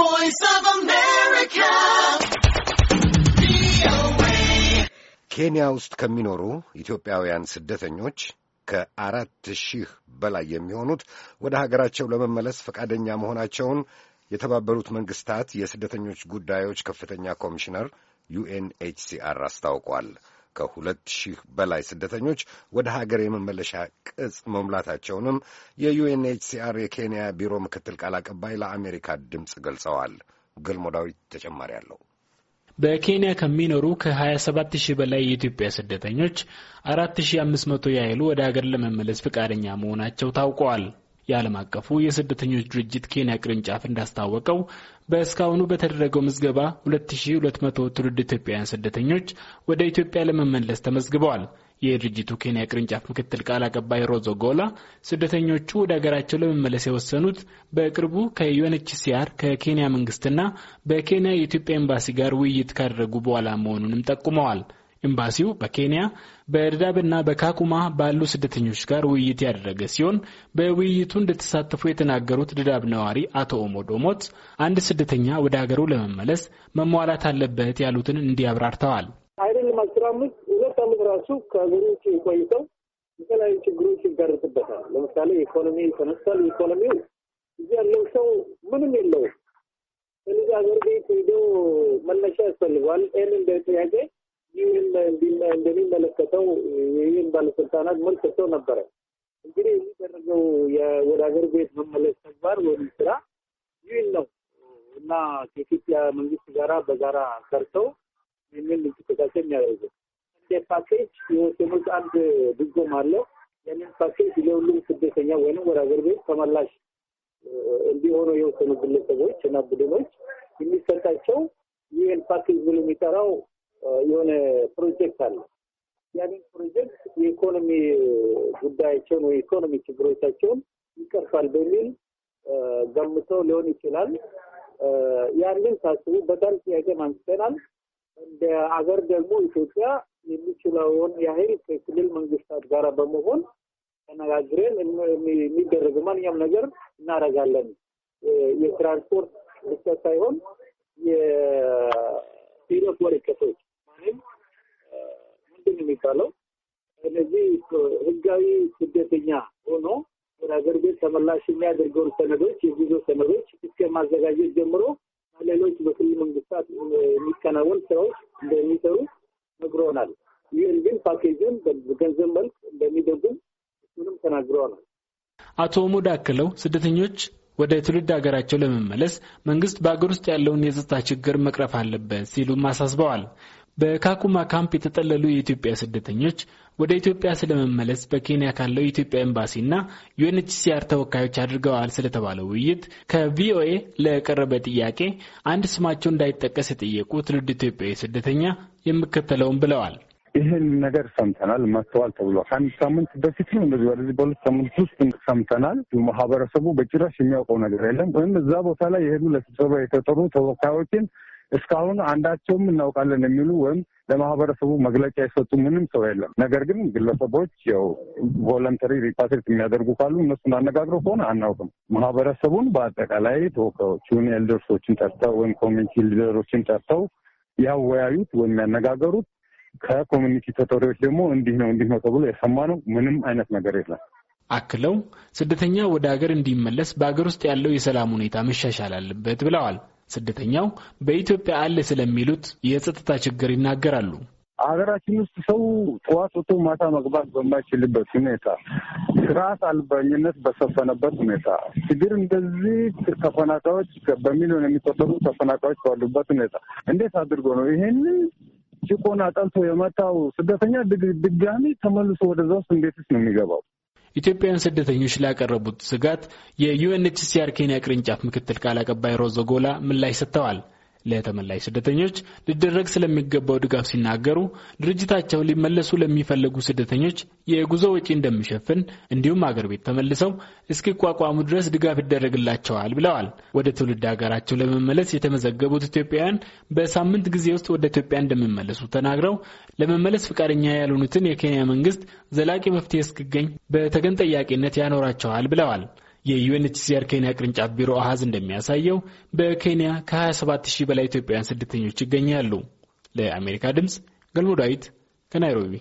voice of America. ኬንያ ውስጥ ከሚኖሩ ኢትዮጵያውያን ስደተኞች ከአራት ሺህ በላይ የሚሆኑት ወደ ሀገራቸው ለመመለስ ፈቃደኛ መሆናቸውን የተባበሩት መንግስታት የስደተኞች ጉዳዮች ከፍተኛ ኮሚሽነር ዩኤንኤችሲአር አስታውቋል። ከሁለት ሺህ በላይ ስደተኞች ወደ ሀገር የመመለሻ ቅጽ መሙላታቸውንም የዩኤንኤችሲአር የኬንያ ቢሮ ምክትል ቃል አቀባይ ለአሜሪካ ድምፅ ገልጸዋል። ገልሞ ዳዊት ተጨማሪ አለው። በኬንያ ከሚኖሩ ከ27 ሺህ በላይ የኢትዮጵያ ስደተኞች 4500 ያህሉ ወደ ሀገር ለመመለስ ፈቃደኛ መሆናቸው ታውቀዋል። የዓለም አቀፉ የስደተኞች ድርጅት ኬንያ ቅርንጫፍ እንዳስታወቀው በእስካሁኑ በተደረገው ምዝገባ 2200 ትውልድ ኢትዮጵያውያን ስደተኞች ወደ ኢትዮጵያ ለመመለስ ተመዝግበዋል። የድርጅቱ ኬንያ ቅርንጫፍ ምክትል ቃል አቀባይ ሮዞ ጎላ ስደተኞቹ ወደ ሀገራቸው ለመመለስ የወሰኑት በቅርቡ ከዩኤንኤችሲአር ከኬንያ መንግስትና በኬንያ የኢትዮጵያ ኤምባሲ ጋር ውይይት ካደረጉ በኋላ መሆኑንም ጠቁመዋል። ኤምባሲው በኬንያ በዳዳብና በካኩማ ባሉ ስደተኞች ጋር ውይይት ያደረገ ሲሆን በውይይቱ እንደተሳተፉ የተናገሩት ድዳብ ነዋሪ አቶ ኦሞዶሞት አንድ ስደተኛ ወደ ሀገሩ ለመመለስ መሟላት አለበት ያሉትን እንዲህ አብራርተዋል። አይደለም አስራ አምስት ሁለት ዓመት ራሱ ከሀገሩ ውጭ ቆይተው የተለያዩ ችግሮች ይጋረጥበታል። ለምሳሌ ኢኮኖሚ ተነሳል። ኢኮኖሚው እዚህ ያለው ሰው ምንም የለውም። ስለዚህ ሀገር ቤት ሄዶ መነሻ ያስፈልገዋል። ይህን እንደ ጥያቄ እንደሚመለከተው ይህን ባለስልጣናት መልስ ሰጥተው ነበረ። እንግዲህ የሚደረገው ወደ ሀገር ቤት መመለስ ተግባር ወይም ስራ ይህን ነው እና ከኢትዮጵያ መንግስት ጋራ በጋራ ሰርተው ይህንን እንቅስቃሴ የሚያደርጉ እንደ ፓኬጅ የወሰኑት አንድ ድጎም አለው። ያንን ፓኬጅ ለሁሉም ስደተኛ ወይም ወደ ሀገር ቤት ተመላሽ እንዲሆኑ የወሰኑ ግለሰቦች እና ቡድኖች የሚሰጣቸው ይህን ፓኬጅ ብሎ የሚጠራው የሆነ ፕሮጀክት አለ። ያንን ፕሮጀክት የኢኮኖሚ ጉዳያቸውን ወይ ኢኮኖሚ ችግሮቻቸውን ይቀርፋል በሚል ገምተው ሊሆን ይችላል። ያንን ሳስቡ በጣም ጥያቄ አንስተናል። እንደ አገር ደግሞ ኢትዮጵያ የሚችለውን ያህል ከክልል መንግስታት ጋር በመሆን ተነጋግረን የሚደረግ ማንኛውም ነገር እናደርጋለን። የትራንስፖርት ብቻ ሳይሆን የሂደት ወረቀቶች ወይም ምንድን የሚባለው እነዚህ ህጋዊ ስደተኛ ሆኖ ወደ ሀገር ቤት ተመላሽ የሚያደርገውን ሰነዶች የጉዞ ሰነዶች እስከ ማዘጋጀት ጀምሮ ሌሎች በክልል መንግስታት የሚከናወን ስራዎች እንደሚሰሩ ይህን ግን ፓኬጅን በገንዘብ መልክ እንደሚደጉም እሱንም ተናግረዋል። አቶ ሙድ አክለው ስደተኞች ወደ ትውልድ ሀገራቸው ለመመለስ መንግስት በሀገር ውስጥ ያለውን የጸጥታ ችግር መቅረፍ አለበት ሲሉም አሳስበዋል። በካኩማ ካምፕ የተጠለሉ የኢትዮጵያ ስደተኞች ወደ ኢትዮጵያ ስለመመለስ በኬንያ ካለው የኢትዮጵያ ኤምባሲና ዩኤንኤችሲአር ተወካዮች አድርገዋል ስለተባለው ውይይት ከቪኦኤ ለቀረበ ጥያቄ አንድ ስማቸው እንዳይጠቀስ የጠየቁ ትውልድ ኢትዮጵያዊ ስደተኛ የሚከተለውን ብለዋል። ይህን ነገር ሰምተናል፣ መጥተዋል ተብሎ ከአንድ ሳምንት በፊት ነው እንደዚህ ወደዚህ በሁለት ሳምንት ውስጥ ሰምተናል። ማህበረሰቡ በጭራሽ የሚያውቀው ነገር የለም። ወይም እዛ ቦታ ላይ የሄዱ ለስብሰባ የተጠሩ ተወካዮችን እስካሁን አንዳቸውም እናውቃለን የሚሉ ወይም ለማህበረሰቡ መግለጫ የሰጡ ምንም ሰው የለም። ነገር ግን ግለሰቦች ያው ቮለንተሪ ሪፓትሪት የሚያደርጉ ካሉ እነሱን አነጋግረው ከሆነ አናውቅም። ማህበረሰቡን በአጠቃላይ ተወካዮቹን፣ ኤልደርሶችን ጠርተው ወይም ኮሚኒቲ ሊደሮችን ጠርተው ያወያዩት ወይም ያነጋገሩት ከኮሚኒቲ ተጠሪዎች ደግሞ እንዲህ ነው እንዲህ ነው ተብሎ የሰማነው ምንም አይነት ነገር የለም። አክለው ስደተኛ ወደ ሀገር እንዲመለስ በሀገር ውስጥ ያለው የሰላም ሁኔታ መሻሻል አለበት ብለዋል። ስደተኛው በኢትዮጵያ አለ ስለሚሉት የጸጥታ ችግር ይናገራሉ። ሀገራችን ውስጥ ሰው ጠዋት ወጥቶ ማታ መግባት በማይችልበት ሁኔታ፣ ስርዓት አልበኝነት በሰፈነበት ሁኔታ ችግር እንደዚህ ተፈናቃዮች በሚሊዮን የሚቆጠሩ ተፈናቃዮች ባሉበት ሁኔታ እንዴት አድርጎ ነው ይሄንን ጭቆና ጠልቶ የመጣው ስደተኛ ድጋሚ ተመልሶ ወደዛ ውስጥ እንዴትስ ነው የሚገባው? ኢትዮጵያውያን ስደተኞች ላቀረቡት ስጋት የዩኤንኤችሲአር ኬንያ ቅርንጫፍ ምክትል ቃል አቀባይ ሮዞ ጎላ ምላሽ ሰጥተዋል። ለተመላሽ ስደተኞች ሊደረግ ስለሚገባው ድጋፍ ሲናገሩ ድርጅታቸው ሊመለሱ ለሚፈለጉ ስደተኞች የጉዞ ወጪ እንደሚሸፍን እንዲሁም አገር ቤት ተመልሰው እስኪቋቋሙ ድረስ ድጋፍ ይደረግላቸዋል ብለዋል። ወደ ትውልድ ሀገራቸው ለመመለስ የተመዘገቡት ኢትዮጵያውያን በሳምንት ጊዜ ውስጥ ወደ ኢትዮጵያ እንደሚመለሱ ተናግረው ለመመለስ ፈቃደኛ ያልሆኑትን የኬንያ መንግስት ዘላቂ መፍትሄ እስኪገኝ በተገን ጠያቂነት ያኖራቸዋል ብለዋል። የዩኤንኤችሲአር ኬንያ ቅርንጫፍ ቢሮ አሃዝ እንደሚያሳየው በኬንያ ከ27 ሺህ በላይ ኢትዮጵያውያን ስደተኞች ይገኛሉ። ለአሜሪካ ድምፅ ገልሞ ዳዊት ከናይሮቢ